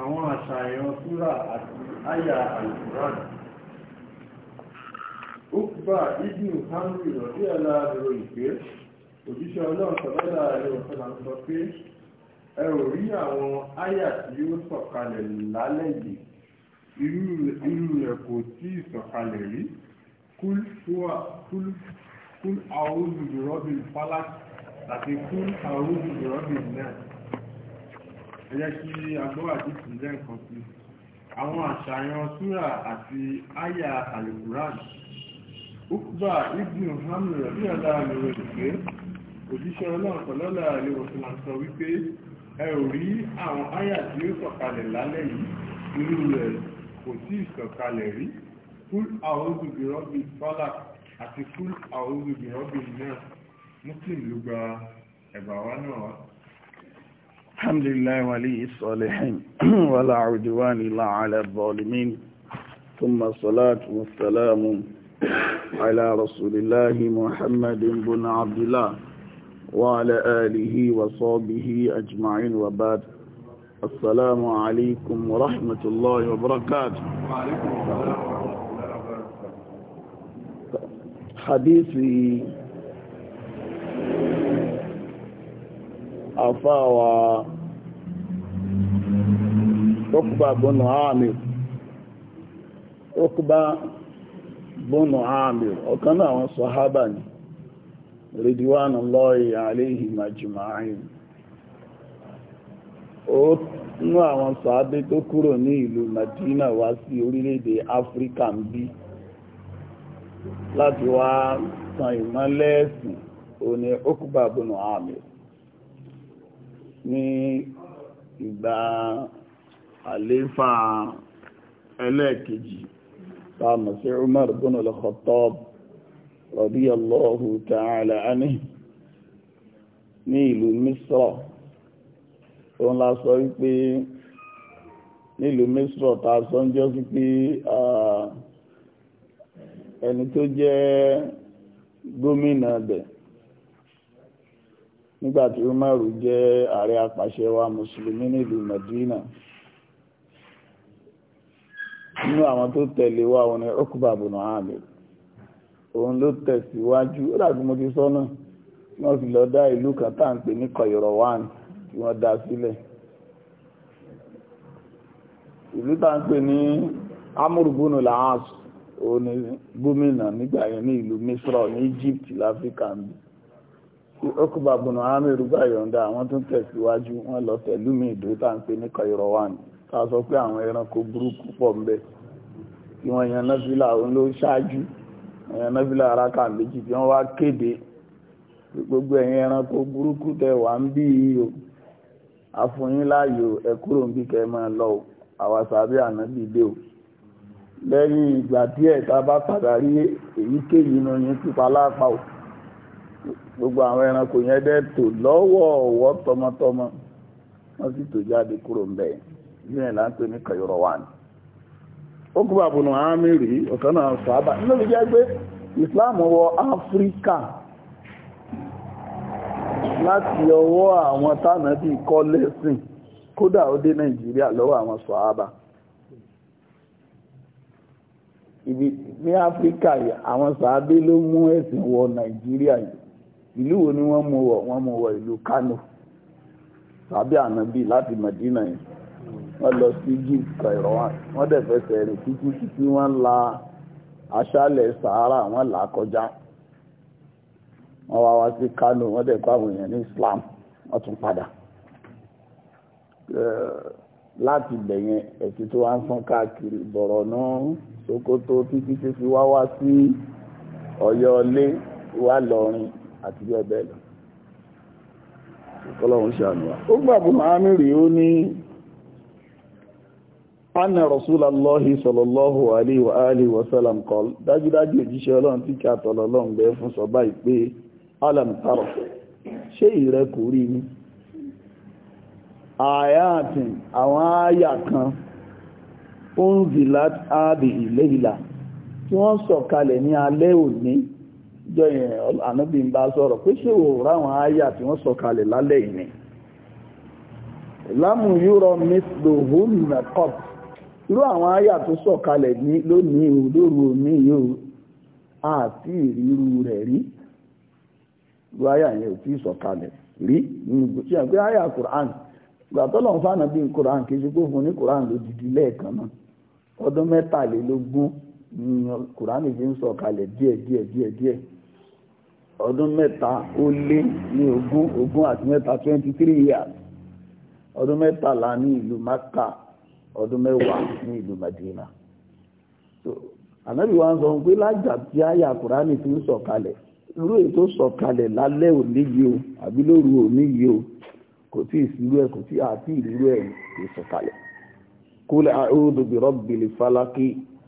àwọn àṣàyàn súrà àti àyà alìkùrán ukba ibn hamri rọ̀dí aláàrẹ̀ ìpé òjíṣẹ́ ọlọ́run sọ̀rọ̀lá rẹ̀ ọ̀sọ̀lá ń sọ pé ẹ ò rí àwọn àyà tí ó sọ̀kalẹ̀ lálẹ́ yìí irú rẹ̀ kò tí ì sọ̀kalẹ̀ rí kúl àwòrán ìrọ́bìn falak àti kúl àwòrán ìrọ́bìn náà ẹjẹ́ kí agbọ́wà tí kì í lẹ́ǹkan sí àwọn àṣàyàn súrà àti àyà alukuran ukba ibn hamdu rabi aláàlú rẹ̀ pé òjíṣẹ́ ọlọ́run pẹ̀lọ́lá rẹ̀ òfin sọ wípé ẹ ò rí àwọn àyà tí ó sọ̀kalẹ̀ lálẹ́ yìí irú rẹ̀ kò tí ì sọ̀kalẹ̀ rí fúl àwòrán bìrọ́bì fọ́lá àti fúl àwòrán bìrọ́bì náà muslim ló gba ẹ̀bà wa náà wá الحمد لله ولي الصالحين ولا عدوان إلا على الظالمين ثم الصلاة والسلام على رسول الله محمد بن عبد الله وعلى آله وصحبه أجمعين وبعد السلام عليكم ورحمة الله وبركاته حديثي أفاوى عقبة بن عامر عقبة بن عامر وكان صحابا رضوان الله عليهم O nú àwọn sàábé tó kúrò ní ìlú Madina wá si orílẹ̀-èdè africa ń lati láti wá tan ìmọ́lẹ̀ ẹ̀sìn òní bụ bunu Amir ní àléfà ẹlẹ́ẹ̀kejì sáàmù sí Umar bin al-Khattab radiyallahu ta'ala anhu ní ìlú Misra òun la sọ wípé nílùú Misra ta sọ ń jọ sí pé ẹni tó jẹ́ gómìnà bẹ̀ nígbàtí Umaru jẹ́ ààrẹ apàṣẹwàá mùsùlùmí nílùú Madina. nínú àwọn tó tẹ̀lé wa òun ni Ukba ibn Amir òun ló tẹ̀síwájú ó dàgbé mo ti sọ náà tí wọ́n sì lọ dá ìlú kan tá à ń pè ní Qayrawan tí wọ́n dá sílẹ̀ ìlú tá à ń pè ní òun ni gómìnà nígbà yẹn ní ìlú Misra ní Egypt láfíríkà ń bí ọkùnbà bùnà amẹ́rù gbà yọ̀ǹda àwọn tó tẹ̀síwájú wọn kí wọ́n yan náfílà òun ló ṣáájú yan náfílà aráka méjì tí wọ́n wá kéde gbogbo ẹ̀yin ẹranko burúkú tẹ wà ń bí o afunyin láàyò ẹ kúrò ń bí kẹ máa lọ o àwa sàbí ànábì dé o lẹ́yìn ìgbà díẹ̀ tá a bá padà rí èyíkéyìí inú yín pípa lápá o gbogbo àwọn ẹranko yẹn dẹ́ tò lọ́wọ́ ọ̀wọ́ tọmọtọmọ wọ́n sì tò jáde kúrò ń bẹ̀ yíyan là ń ní kẹyọrọ wà ní. okùnbà bụ àmì rí ọ̀kan náà sàábà Islam wọ Áfíríkà láti ọwọ́ àwọn tánàbí kọ́ lẹ́sìn kódà ó dé Nàìjíríà lọ́wọ́ àwọn sàábà ibi ní Áfíríkà àwọn ló mú ẹ̀sìn wọ nigeria ìlú ni wọ́n mú wọ ìlú kano ànàbí láti yìí wọ́n lọ sí Egypt Cairo wọ́n dẹ̀ fẹsẹ̀ rìn títí títí wọ́n la aṣálẹ̀ Sahara wọ́n là kọjá wọ́n wá wá sí Kano wọ́n dẹ̀ kọ́ àwọn èèyàn ní Islam wọ́n tún padà eh, láti bẹ̀yẹn ẹ̀sìn tó wá ń fọ́n káàkiri bọ̀rọ̀ náà Sokoto títí tí fi wá wá sí Ọ̀yọ́ ilé wá lọrin àti bẹ́ẹ̀ bẹ́ẹ̀ lọ. Ọlọ́run ṣàánú wa. Ó gbàgbọ́ Màámi rí ó ní anna rasulallahi sallallahu alaihi wa alihi wa sallam qal dájúdájú òjíṣẹ́ ọlọ́run tí kí àtọ̀lọ́ ọlọ́run bẹ fún sọ báyìí pé alam tara ṣé ìrẹ kò rí ni àyàtìn àwọn àyà kan ó ń zì láti áàbì ilé ìlà tí wọ́n sọ̀kalẹ̀ ní alẹ́ òní jọ yẹn ànábì ń bá sọ̀rọ̀ pé ṣé ò ráwọn àyà tí wọ́n sọ̀kalẹ̀ lálẹ́ ìní lámù yúrọ mẹ́sìlò irú àwọn àyà tó sọ̀kalẹ̀ ní lónìí o lóru yóò àti ìrírú rẹ̀ rí yẹn ò tí sọ̀kalẹ̀ rí a gbé àyà Quran ìgbà bí Quran kì í fún ní ló dìdí lẹ́ẹ̀kan náà ọdún mẹ́tàlélógún ni Quran fi ń sọ̀kalẹ̀ díẹ̀ díẹ̀ díẹ̀ díẹ̀ ọdún mẹ́ta ó lé ní ogún ogún àti mẹ́ta twenty three years ọdún mẹ́tàlá ní Maka ọdún mẹ́wàá ní ìlú Madina so ànábì wa ń sọ pé lájà tí àyà kùránì fi ń sọ̀kalẹ̀ irú èyí tó sọ̀kalẹ̀ lálẹ́ o àbí lóru o kò tí ì sírú ẹ̀ kò tí àti ìrírú ẹ̀ kò sọ̀kalẹ̀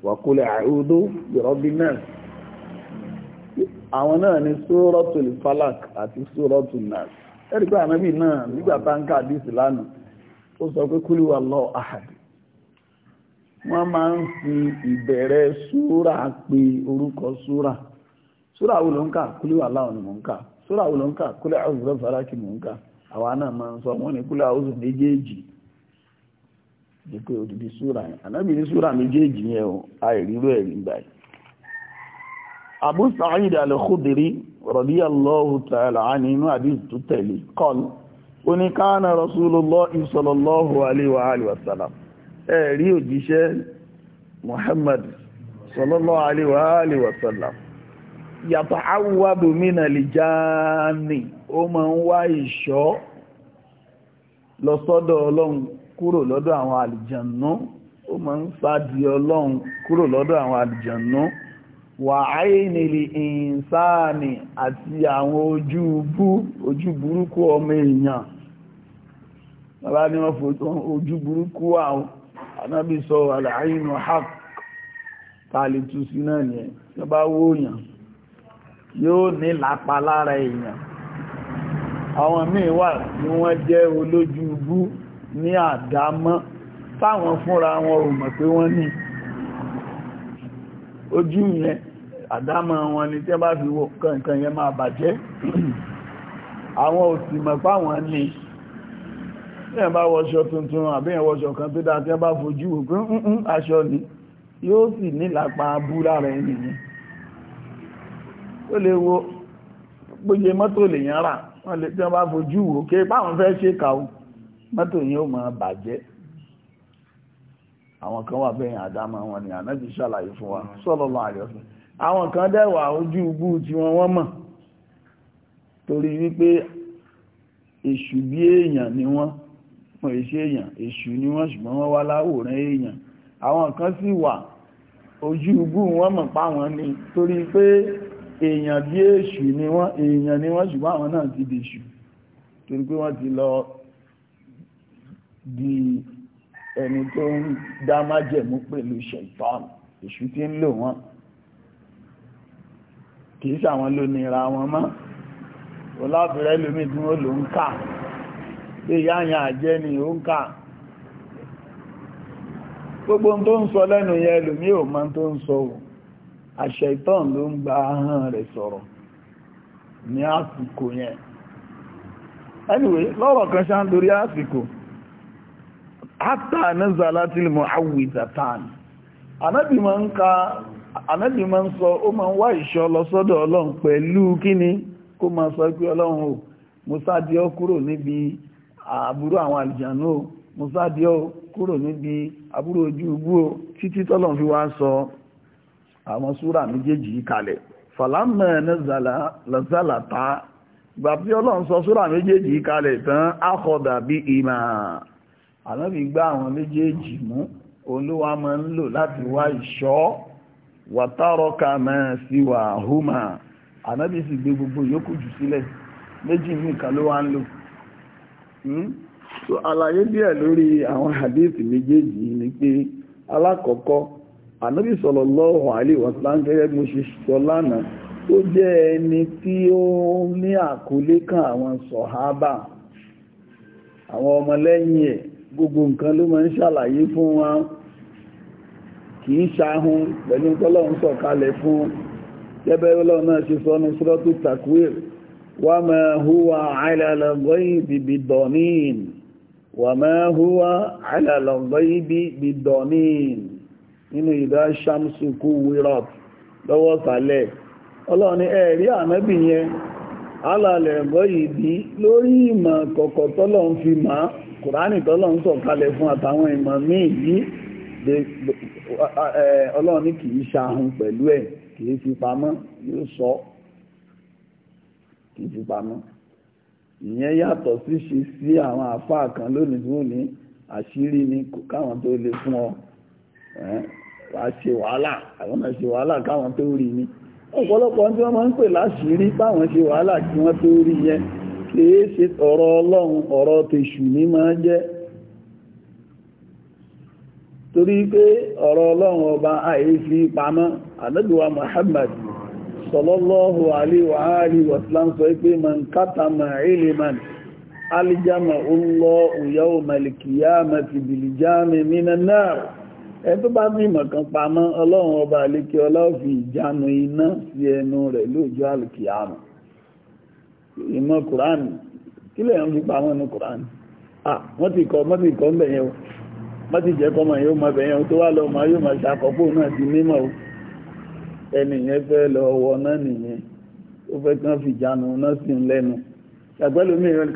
wa qul a'udhu bi rabbin nas àwọn náà ni falak àti suratul nas ẹ̀rí pé náà nígbà táǹkà àdìsí lánàá ó sọ pé lọ wọ́n máa ń fi ìbẹ̀rẹ̀ súrà pe orúkọ súrà súrà wo ló ń kà kúlẹ̀ wà láwọn ni mò ń kà súrà wo ló ń kà kúlẹ̀ àwùjọ fàrákì mò ń kà àwa náà máa ń sọ wọ́n ní kúlẹ̀ àwùjọ méjèèjì ní pé odidi súrà yẹn ànábì ní súrà méjèèjì yẹn o àìrírò ẹ̀rí gbà yìí. Abu Sa'id al-Khudri radiyallahu ta'ala anhu inú àdìs tó tẹ̀lé kọ́l Rasulullah sallallahu alaihi wa wa sallam ẹ̀rí òjíṣẹ́ Muhammad sallallahu alaihi wa sallam yàtọ̀ awwabu mina lè jáánì ó ma ń wá ìṣọ́ lọ sọ́dọ̀ ọlọ́run kúrò lọ́dọ̀ àwọn àlìjànú ó ma ń sáàdì ọlọ́run kúrò lọ́dọ̀ àwọn àlìjànú wà áyínìlì ìsáàni àti àwọn ojú burúkú ọmọ èèyàn bàbá burúkú àwọn anábì sọ àlàáyínú haq tààlì tú sí náà yẹn tí bá wó yàn yóò ní lápa lára èèyàn àwọn míì wà ní wọ́n jẹ́ olójúbú ní àdámọ́ táwọn fúnra wọn ò mọ̀ pé wọ́n ní ojú yẹn àdámọ́ wọn ni tí bá fi wọ́n kankan yẹn máa bàjẹ́ àwọn ò sì mọ̀ páwọn ní ẹ̀ bá wọṣọ tuntun àbí ẹ̀ wọṣọ kan tó dáa tí ẹ bá fojú òkú ń aṣọ ni yóò sì nílàpá búra rẹ̀ nìyẹn ó lè wo gbóye mọ́tò lè yán rà wọ́n lè tí wọ́n bá fojú wò ké báwọn fẹ́ ṣe kàó mọ́tò yẹn ó máa bàjẹ́ àwọn kan wà bẹ́yìn àdámọ́ wọn ni ànábì ṣàlàyé fún wa sallallahu alaihi wasallam àwọn kan dẹ́wà ojú ugbú tí wọ́n wọ́n mọ̀ torí wípé èṣù bí èèyàn ni wọ́n wọn èṣe èèyàn èṣù ni wọ́n ṣùgbọ́n wọ́n wá láwòrán èèyàn àwọn kan sì wà ojú ubú wọn mọ̀ pa wọn ni torí pé èèyàn bí èṣù ni wọ́n èèyàn ni wọ́n ṣùgbọ́n àwọn náà ti di èṣù torí pé wọ́n ti lọ di ẹni tó ń dá májẹ̀mú pẹ̀lú ṣẹ̀tánì èṣù tí ń lò wọ́n kìí ṣàwọn ló nira wọn mọ́ olábìrẹ́ lómi tí wọ́n lò ń kà pé yáyà jẹ́ ni ó ń kà gbogbo tó ń sọ lẹ́nu yẹn lómi ò mọ̀ tó ń sọ àṣẹ ìtàn ló ń gba ahọ́n rẹ̀ sọ̀rọ̀ ní àsìkò yẹn anyway lọ́rọ̀ kan ṣá ń dorí àsìkò hátà nazalatil mu'awwidhatan anábì máa àbúrò àwọn àlìjànú o mùsàdíọ́ kúrò níbi àbúrò ojú ugbó o títí tọ́lọ̀ fi wá sọ àwọn súrà méjèèjì kalẹ̀ fàlámà lọ́zàlà ta gbà tí ọlọ́run sọ súrà méjèèjì yìí kalẹ̀ tán ákọ̀dà bí ìmà ànábì gbá àwọn méjèèjì mú olúwa máa ń lò láti wá ìṣọ́ wàtárọ́ka máa sí wà húmà sì gbé gbogbo yòókù jù sílẹ̀ méjì nìkan ló wá ń lò Hmm? so àlàyé díẹ̀ lórí àwọn hadith méjèèjì ni pé alákọ̀ọ́kọ́ ànábì sallallahu alaihi wasallam gẹ́gẹ́ ṣe sọ lánàá ó jẹ́ ẹni tí ó ní àkọlé kan àwọn sọ̀hábà àwọn ọmọlẹ́yìn ẹ̀ gbogbo nǹkan ló máa ń ṣàlàyé fún wọn í ṣahun pẹ̀lú tọ́lọ́run sọ̀kalẹ̀ fún gẹ́gẹ́ ọlọ́run náà ṣe sọ́nu sọ́tù takwir وما هو على الغيب بالضنين وما هو على الغيب بالضنين nínú ìdá ṣamsu kú wírat lọ́wọ́ sàlẹ̀ ọlọ́ni ẹ̀rí ànábì yẹn lórí ìmọ̀ kọ̀kọ̀ tọ́lọ̀ ń fi ma kùránì tọ́lọ̀ ń fún àtàwọn yìí kìí fi kì pamọ́ ìyẹn yàtọ̀ sí ṣe sí àwọn àfáà kan lónìí tí wọ́n ní àṣírí ni káwọn tó lè fún ọ wàá ṣe wàhálà àwọn náà ṣe wàhálà káwọn tó rí ni ọ̀pọ̀lọpọ̀ tí wọ́n máa ń pè láṣìírí báwọn ṣe wàhálà kí wọ́n tó rí yẹn kìí ṣe ọ̀rọ̀ ọlọ́run ọ̀rọ̀ tèṣù ní máa jẹ́ torí ọba àìsí pamọ́ àdọ́gbẹ̀wà sọlọ́lọ́hù aléwàárí wàsílám sọ pé man kátàmà ilman aljama ọlọ́ òyàwó malikiyá mati bilijami minan nar ẹ tó bá ní ìmọ̀kan pamọ́ ọlọ́run ọba alékí ọlọ́fì ìjánu iná sí ẹnu rẹ̀ lóòjọ́ alìkìyàmù ìmọ̀ kùránì kí lè ń fi pamọ́ ní ẹni yẹn fẹ́ lọ ọwọ́ náà nìyẹn ó fẹ́ kí wọ́n fi náà sí lẹ́nu ṣàgbẹ́lú mi rẹ̀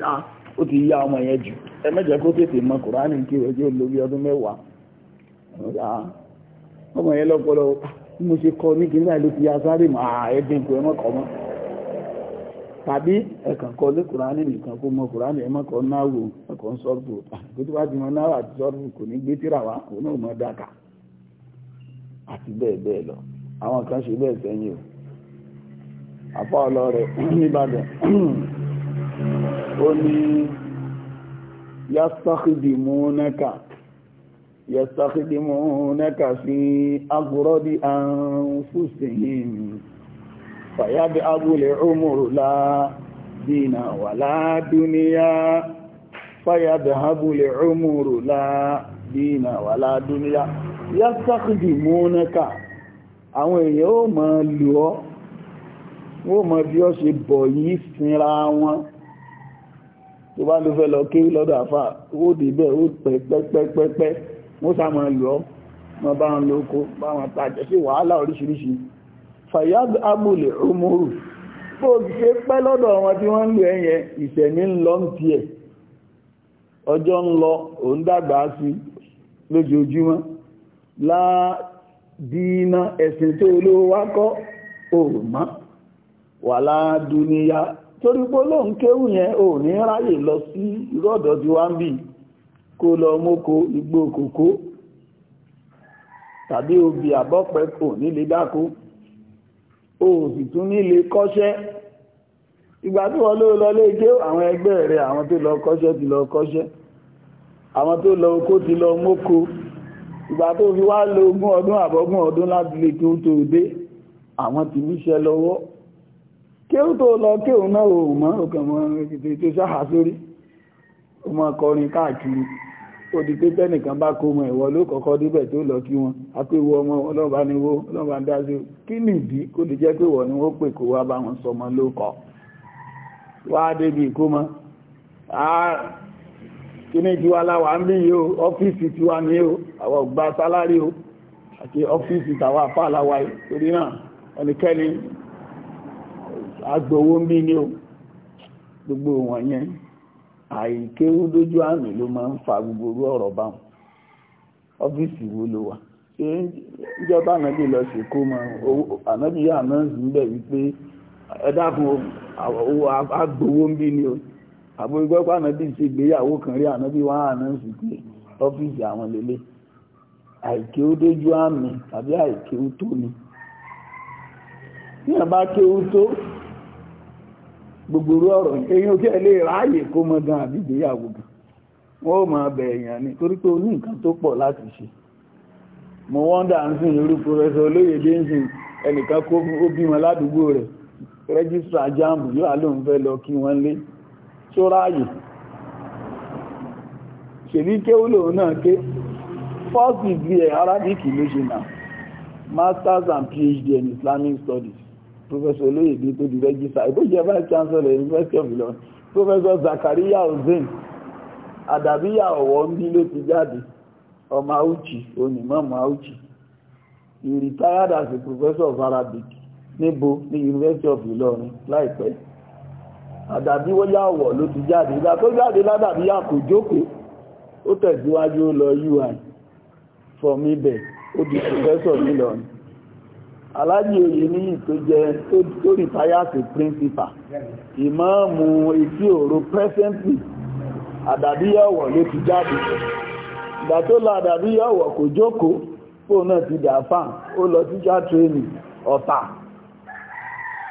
ti yá ọmọ yẹn jù ẹ mẹ́jọ kó tètè mọ kùránì kí ó jẹ́ olóbi ọdún mẹ́wàá ọmọ yẹn lọ́pọlọ bí mo ṣe kọ ní kíní àìlú ti ya sáré mà ẹ̀dín kò ẹ mọ́ kọ́ mọ́ tàbí ẹ̀kàn kọ lé kùránì nìkan kó mọ kùránì mọ́kọ́ náwó ẹ̀kọ́ ń sọ́ọ̀bù kó tó bá ti mọ náwó àti sọ́ọ̀bù kò ní gbé tíra wá lọ. àwọn kan ṣe bẹ́ẹ̀ sẹ́yìn o àfá ọlọ́rẹ̀ nìbàdàn ó ní yastakhdimūnaka yastakhdimūnaka fī aghraḍi anfusihim fayad'abu al-'umru lā dīna wa lā dunyā fayad'abu al-'umru lā àwọn èèyàn ó mọ̀ lù ọ́ wọ́n mọ̀ bí ó ṣe bọ̀ yìí sinra wọn tó bá ló fẹ́ lọ kí lọ́dọ̀ àfà ó dìbẹ̀ ó pẹ́pẹ́pẹ́pẹ́ wọ́n sá mọ̀ lù ọ́ mọ̀ bá wọn lóko bá wọn tàjẹ̀ sí wàhálà oríṣiríṣi fayad abúlé umuru bó ṣe pẹ́ lọ́dọ̀ wọn tí wọ́n ń lù ẹ̀yẹ ìṣẹ̀mí ń lọ ń tiẹ̀ ọjọ́ ń lọ òun dàgbà sí dínà ẹ̀sìn tó olówó wá kọ́ òmá wà ládùníyà torí pé lóun kéwù yẹn ò ní ráyè lọ sí rọ́dọ̀ tí wá ń kó lọ mọ́kó igbó kòkó tàbí obì àbọ́pẹ́ kò nílé dákó sì tún nílé kọ́ṣẹ́ ìgbà tí wọ́n lọ lé àwọn ẹgbẹ́ rẹ̀ àwọn lọ kọ́ṣẹ́ ti lọ kọ́ṣẹ́ àwọn tó lọ oko ti lọ mọ́kó ìgbà tó fi wá lo ogún ọdún àbọ̀gún ọdún láti lè kí ó tó dé àwọn ti níṣẹ́ lọ́wọ́ kí ó tó lọ kí òun náà ò mọ́ òkè mọ́ ètò ètò sáà sórí ó mọ́ kọrin káàkiri ó di pé tẹ́nìkan bá kó mọ ìwọ ló kọ́kọ́ débẹ̀ tó lọ kí wọn apéwọ ọmọ ọlọ́ba ni wó ọlọ́ba ń dásí kí nìdí kó lè jẹ́ pé wọ́n ni wọ́n pè kó wá bá wọn sọmọ ló wá débi ìkómọ kíní ju aláwà ń bí yóò ọ́fíìsì tí wà ní yóò àwọn ògbà sálárì o àti ọ́fíìsì tàwà fà aláwà torí náà ẹnikẹ́ni agbowó ń bí ní o gbogbo wọn yẹn àìkéwú dójú àmì ló máa ń fa gbogbo ọ̀rọ̀ báwọn ọ́fíìsì wo ló wà ìjọba ànábì lọ ṣèkó mọ ànábì yà náà ń bẹ̀ wípé ẹ dákun agbowó ń bí ní o àbúrígbọ́pá ànábì sí ìgbéyàwó kan rí ànábì wá ànábì pé ọ́fíìsì àwọn lélẹ̀ àìké ó dójú àmì tàbí àìké ó tó ni níyàn bá ké ó tó gbogbo ọ̀rọ̀ èyàn kí ẹ lè ráàyè kó mọ gan àbí ìgbéyàwó gan wọ́n ò máa bẹ̀ èèyàn ni torí pé ó ní nǹkan tó pọ̀ láti ṣe mo wọ́ndà ń sìn lórí pọfẹsọ olóyèdè ń ẹnìkan kó bímọ ládùúgbò rẹ̀ rẹ́gísítà jáàmù yóò á lóun fẹ́ lọ kí wọ́n lé tí ó ráyè ṣèbí kéwúlò náà ké first degree ẹ̀ Arabic ló ṣe náà masters and PhD in Islamic Studies Professor Olóyèdè tó di rẹ́gísà ìbò jẹ́ vice chancellor University of Ilorin Professor Zakaria Hussein àdàbíyà ọ̀wọ́ ń bí ló ti jáde ọmọ Auchi onímọ̀mọ̀ Auchi he retired as a professor of Arabic níbo ní University of Ilorin láìpẹ́ àdàbí wọ́n yà wọ̀ ló ti jáde ìgbà tó jáde ládàbí yà kò jókòó ó tẹ̀síwájú ó lọ ui from ibẹ̀ ó di professor nílọrin alájì oyè níyì tó jẹ tó rìtáyàsì principal ìmáàmù etí òru presently àdàbí yà wọ̀ ló ti jáde ìgbà tó lọ àdàbí yà wọ̀ kò jókòó fóun náà ti dà fáà ó lọ teacher training ọ̀tà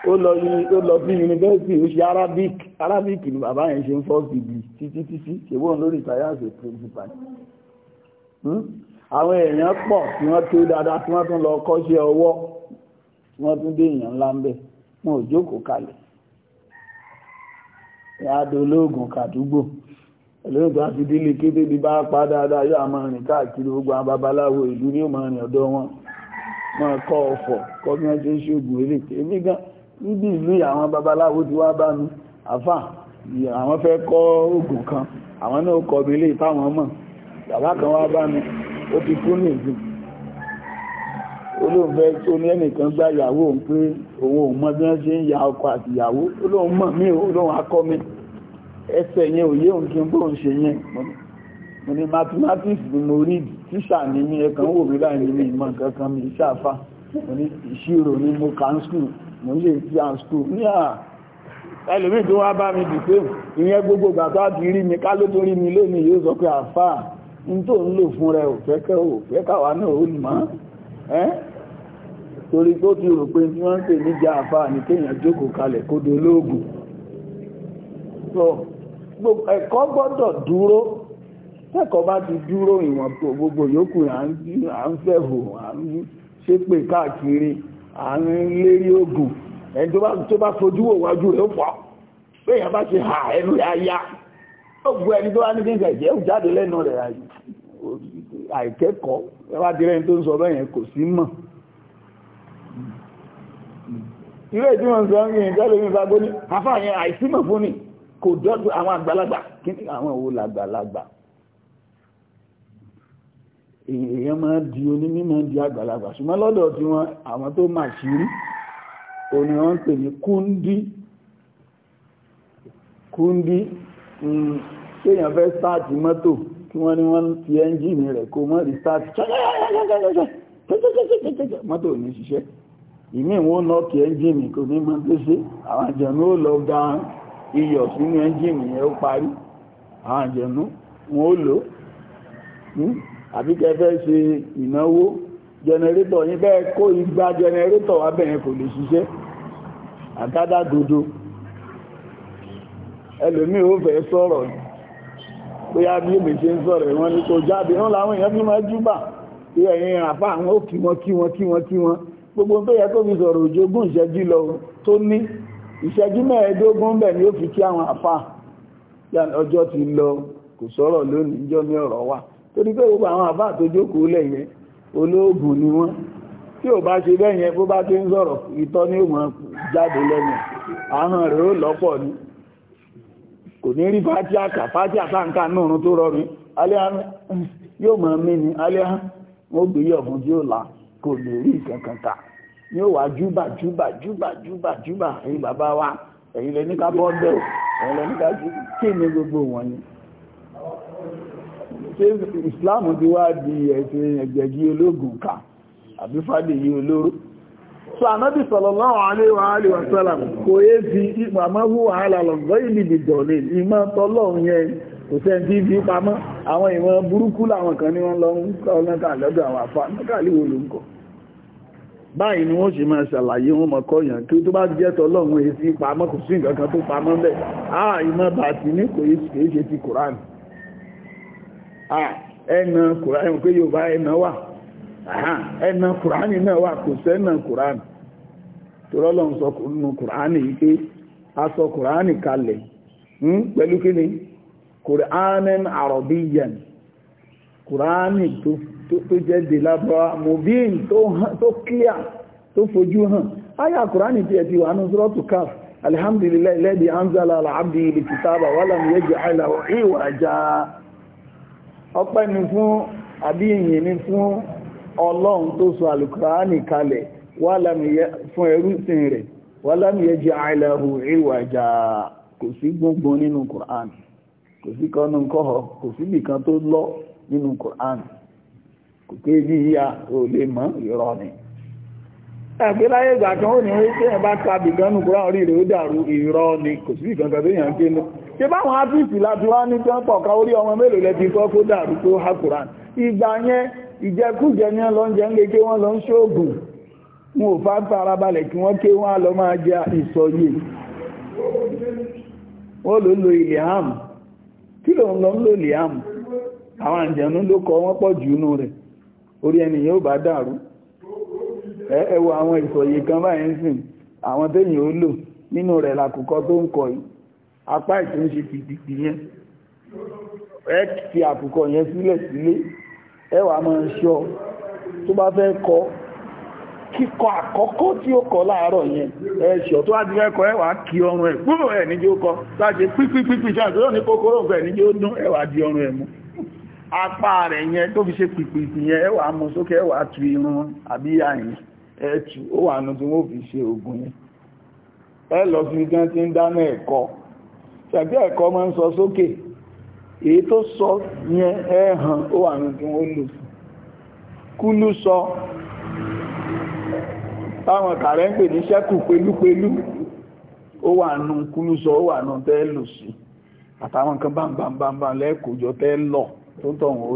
ó lọ ó lọ sí yunifásitì ó ṣe arabic arabic ni bàbá yẹn ṣe ń fọ́ bìbì títí títí ṣèwọ́n lórí sáyẹ́ǹsì principal hmm? àwọn èèyàn pọ̀ tí wọ́n tó dáadáa tí wọ́n tún lọ kọ́ṣẹ́ ọwọ́ tí wọ́n tún dé èèyàn ńlá ń bẹ̀ wọn ò jókòó kalẹ̀ adolóògùn kàdúgbò ẹlẹ́yìn tó ti dílé kété bí bá pa dáadáa yóò máa rìn káàkiri gbogbo àwọn babaláwo ìlú ní ò máa rìn ọ̀dọ̀ wọn máa kọ́ ọ̀fọ̀ kọ́ bí wọ́n ṣe ń ṣe oògùn eléke èmi gan-an níbi ìlú àwọn babaláwo ti wá bá mi àfà àwọn fẹ́ kọ́ oògùn kan àwọn náà kọ́ mi lè táwọn mọ̀ bàbá kan wá bá mi ó ti kú ní ìlú olóhùn fẹ́ tó ní ẹnìkan gbá ìyàwó òun pé òun ò mọ bí wọ́n ṣe ń ya ọkọ àti ìyàwó olóhùn mọ̀ mí olóhùn akọ́ mi ẹsẹ̀ yẹn ò yé òun kí n bóun ṣe yẹn mo ní mathematics ni mo rí tíṣà ní mi ẹ̀kan wò mí láì ní mi ìmọ̀ nǹkan kan mi ìṣàfà mo ní ìṣirò ni mo kà ń skul mo lè fi à ń stò ní à ẹlòmí tó wá bá mi dìpé ìyẹn gbogbo gbàtọ́ àti rí mi ká ló tó rí mi lónìí yóò sọ pé àfà ń tó ń lò fún rẹ ò fẹ́kẹ́ ò fẹ́kàwà náà ó mọ́ ẹ́ torí tó ti rò pé tí wọ́n ń pè níjà àfà ní kéèyàn jókòó kalẹ̀ kó dolóògùn ẹ̀kọ́ gbọ́dọ̀ dúró tẹ́kọ̀ọ́ bá ti dúró ìwọ̀n gbogbo yòókù à à ń lérí ogun ẹni tó bá fojú wò wájú rẹ̀ ó pọ̀ pé èèyàn bá ṣe hà ẹnu rẹ̀ aya ó gbọ́ ẹni tó wá ní kíkà ìjẹ́ ò jáde lẹ́nu rẹ̀ àìkẹ́kọ̀ọ́ ẹ bá dirẹ́ ẹni tó ń sọ bẹ́ẹ̀ yẹn kò sí mọ̀ ilé tí wọ́n sọ ní ìjọ́lẹ̀ ní ìfagbóní afáàyẹn àìsímọ̀ fún ni kò dọ́dọ̀ àwọn àgbàlagbà kí ni àwọn òwò làgbàlagbà èèyàn máa di onímọ̀ di àgbàlagbà ṣùgbọ́n lọ́dọ̀ tí wọ́n àwọn tó máa ṣírí òní wọ́n ń pè ní kúndí kúndí kéèyàn mm, fẹ́ stáàtì mọ́tò kí wọ́n ní wọ́n ti ẹ́ńjìnì rẹ̀ kó mọ́ rí stáàtì mọ́tò ní ṣiṣẹ́ ìmí ìwọ́n náà kí ẹ́ńjìnì kò ní mọ́ tó ṣe àwọn àjẹ̀nú ó lọ da iyọ̀ sínú ẹ́ńjìnì yẹn ó parí àwọn àjẹ̀nú wọn ó lò ó hmm? àbí kẹfẹ́ ṣe ìnáwó jẹnẹrétọ̀ yín bẹ́ẹ̀ kó igba jẹnẹrétọ̀ bẹ̀yẹn kò lè ṣiṣẹ́ àdádá dodo ẹlòmíì ó fẹ́ sọ̀rọ̀ bóyá bí èmi ṣe ń sọ̀rọ̀ wọn ni kò jáde èèyàn fi máa ẹ̀yìn àwọn ó kí wọn kí wọn kí wọn kí fi sọ̀rọ̀ òjògùn ìṣẹ́jú lọ tó ní ìṣẹ́jú mẹ́ẹ̀ẹ́dógún bẹ̀ ni ó fi kí àwọn àfà ọjọ́ ti kò sọ̀rọ̀ torí pé gbogbo àwọn àbá tó jókòó lẹ́yìn olóògùn ni wọ́n tí ò bá ṣe bẹ́yẹn bó bá ti ń sọ̀rọ̀ ìtọ́ ní òmò jáde lẹ́nu ahọ́n rẹ̀ ó lọ́pọ̀ ni kò ní rí fátíà kà nùrún tó rọrùn aléhàn yóò mọ̀ mí ni aléhàn wa gbogbo ṣe islam ti wá di ẹ̀sìn ẹgbẹ̀gí ológun ká àbí fàdèyí olóró so anábì sallallahu alaihi wa alihi wa sallam kò yé fi ìpàmọ́hù wàhálà lọ́gbọ́ ìlìbì dọ̀lẹ̀ ìmọ̀ tọ́lọ́run yẹn kò sẹ́ tí fi pamọ́ àwọn ìmọ̀ burúkú làwọn kan ní wọ́n lọ ń kọ́ lọ́kà lọ́dọ̀ àwọn àfà lọ́kàlì wo ló ń kọ́ báyìí ni wọ́n sì máa ṣàlàyé wọn mọ̀ kọ́yàn kí tó bá jẹ́ tọ́lọ́run èsì pamọ́ Ah, ẹ̀nà kùránì pé Yorùbá ẹ̀nà wà ẹ̀nà kùránì náà wà kò sẹ́nà kùránì tó rọ́lọ́ ń sọ nù kùránì yìí pé a sọ kùránì kalẹ̀ hmm, pẹ̀lú kí ni kùránì àrọ̀bíyàn kùránì tó jẹ́ dè lábọ́ mobin tó kíyà tó fojú hàn ayà kùránì tí ẹ ti wà ní sọ́rọ̀tù káf alhamdulillah lẹ́dí anzala al'abdi ilẹ̀ kìtàbà wà lámù yẹ́ ọpẹ́ ni fún àbíyìn ìyìn ni fún ọlọ́run tó sọ alùkùránì kalẹ̀ fún ẹrùsìn rẹ̀ wà lámìyẹ jẹ́ àìlẹ̀hù ìwàjà kò sí gbogbo nínú kùránì kò sí kọ́họ kò sí tó lọ nínú kùránì kò ké ya ò lè mọ́ ni ìgbà kan ó ní orí tí ẹ̀ bá kùránì rẹ̀ ó dàrú ni kò sí ìkankan tó ṣe báwọn áfíìsì láti wá ní tẹ́ńpọ̀ ká orí ọmọ mélòó lẹ́ti kọ́ kó dàrú tó hakuran ìgbà yẹn ìjẹkújẹ ní ọlọ́njẹ ń gẹ́gẹ́ wọ́n lọ ń ṣóògùn wọn ò fà farabalẹ̀ kí wọ́n ké wọ́n lọ máa jẹ ìsọ̀yè wọ́n ló lo ìlìhàm kí ló ń lọ ń lo ìlìhàm àwọn àjẹ̀nú ló kọ wọ́n pọ̀ jù nù rẹ̀ orí ẹnìyàn ò bá dàrú ẹ wo àwọn ìsọ̀yè kan báyìí ń sìn àwọn téèyàn ó lò nínú rẹ̀ làkùkọ tó ń kọ yìí apá ìtò ń ṣe pìpìpì yẹn ẹ ti àbùkọ yẹn sílẹ̀ sílé ẹ wá máa ṣọ tó bá fẹ́ kọ kíkọ àkọ́kọ́ tí ó kọ láàárọ̀ yẹn ẹ̀ṣọ́ tó wájú ẹ̀kọ́ ẹ̀wà kí ọrùn ẹ̀ gbúrò ẹ̀ níjó kọ láti pípípípí ṣàtúrò ní kòkòrò níjó dún di ọrùn ẹ̀ mú apá rẹ̀ yẹn tó fi ṣe pìpìpì yẹn ẹ̀wà mú sókè tu irun àbí àyìn tu ó wà nù tí fi ṣe ògùn yẹn ẹ lọ sí gan ti ń dáná ṣàbí ẹ̀kọ́ ma ń sọ sókè èyí tó sọ yẹn ẹ̀hàn ó wà ní kí wọ́n lò sọ táwọn kàrẹ́ ń pè ní ṣẹ́kù pẹ̀lúpẹ̀lú ó wà nù kúlú sọ ó wà nù tẹ́ lò sí àtàwọn nǹkan bámbámbámbá lẹ́kòjọ tẹ́ lọ tó kọ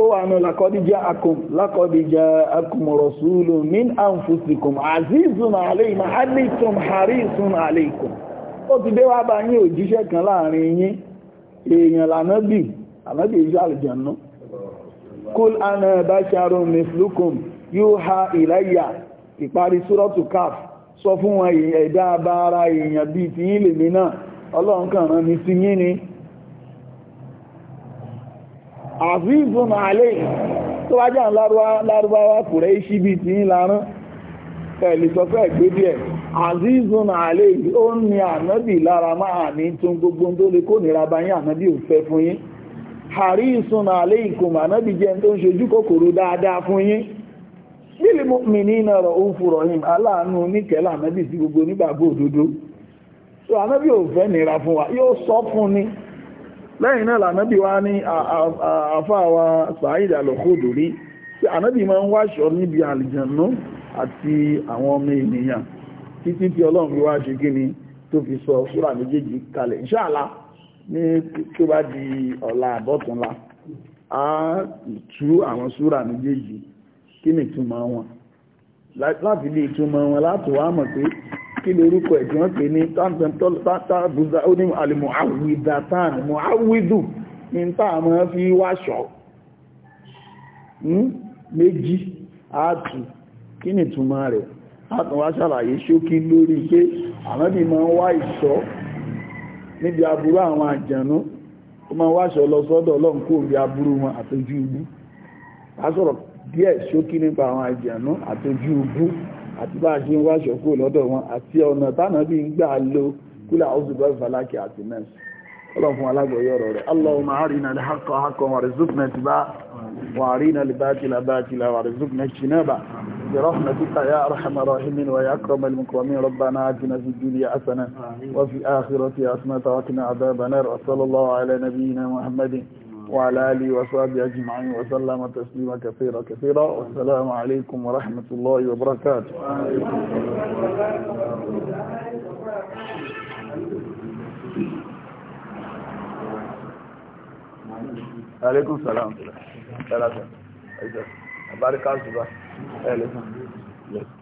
ó wà nù lakọ́díjá akùn lakọ́díjá akùn rọ̀súlù min anfusikum azizun alayma alitum harisun alaykum ó ti dé wá bá yín òjíṣẹ́ kan láàrin yín èèyàn lànábì ànábì ìparí súrọ́tù sọ fún wọn ẹ̀dá èèyàn bíi ti yín lèmi náà ọlọ́run kàn rán mi sí yín àfíìsùn àlè tó wá jà lárúbáwá kùrẹ́ iṣí bí ti ń larán pẹ̀lú sọfẹ́ gbé díẹ̀ àzíìsùn àlè ó ń ní ànábì lára máa ní tún gbogbo tó lè kó nira bá yín ànábì ò fẹ́ fún yín àríìsùn àlè ìkùn ànábì jẹ́ tó ń ṣojú kòkòrò dáadáa fún yín lílì mi ní iná rọ̀ òun fúrọ̀ yìí aláàánú oníkẹ́lá ànábì sí gbogbo onígbàgbọ́ òdodo so ànábì ò fẹ́ nira fún wa yóò sọ fún ni lẹ́yìn náà lànàbí wá ní àfáàwà sàáìdì àlòkòdòrí tí ànàbí máa ń wáṣọ níbi àlìjànú àti àwọn ọmọ ènìyàn títí tí ọlọ́run fi wá ṣe kí ni tó fi sọ súrà méjèèjì kalẹ̀ ìṣàlá ní tó bá di ọ̀la àbọ̀túnla a tú àwọn súrà méjèèjì kí ni ìtumọ̀ wọn láti lè ìtumọ̀ wọn láti wá mọ̀ pé kí lè orúkọ ẹ̀gbọ́n pè ní tàbùzà ó ní alìmọ̀áwìdàtàn mọ̀áwìdù ní tààmọ́ fi wáṣọ́ hmm? méjì ààtù kí ni túnmọ́ rẹ̀ àtùnwá ṣàlàyé ṣókí lórí pé àmọ́bí ma ń wá ìṣọ́ níbi aburú àwọn àjànú ó ma wáṣọ́ lọ sọ́dọ̀ ọlọ́run àti bá a ṣe ń wáṣọ kúrò lọ́dọ̀ wọn àti ọ̀nà tánà bí ń gbà lo kúlà ọ̀ṣùgbọ́ ìfàlákì àti nẹ́ẹ̀sì ọlọ́run fún alágbọ̀yọ́ ọ̀rọ̀ rẹ̀ allahumma arina al-haqqa haqqan warzuqna ittiba'ah wa arina al-batila batilan warzuqna ijtinabah برحمتك يا أرحم الراحمين ويا أكرم المكرمين ربنا آتنا في الدنيا حسنة وفي آخرة حسنة وقنا عذاب نار وصلى الله على نبينا محمد وعلى آله وصحبه أجمعين وسلم تسليما كثيرا كثيرا والسلام عليكم ورحمة الله وبركاته عليكم السلام ثلاثة بارك الله فيك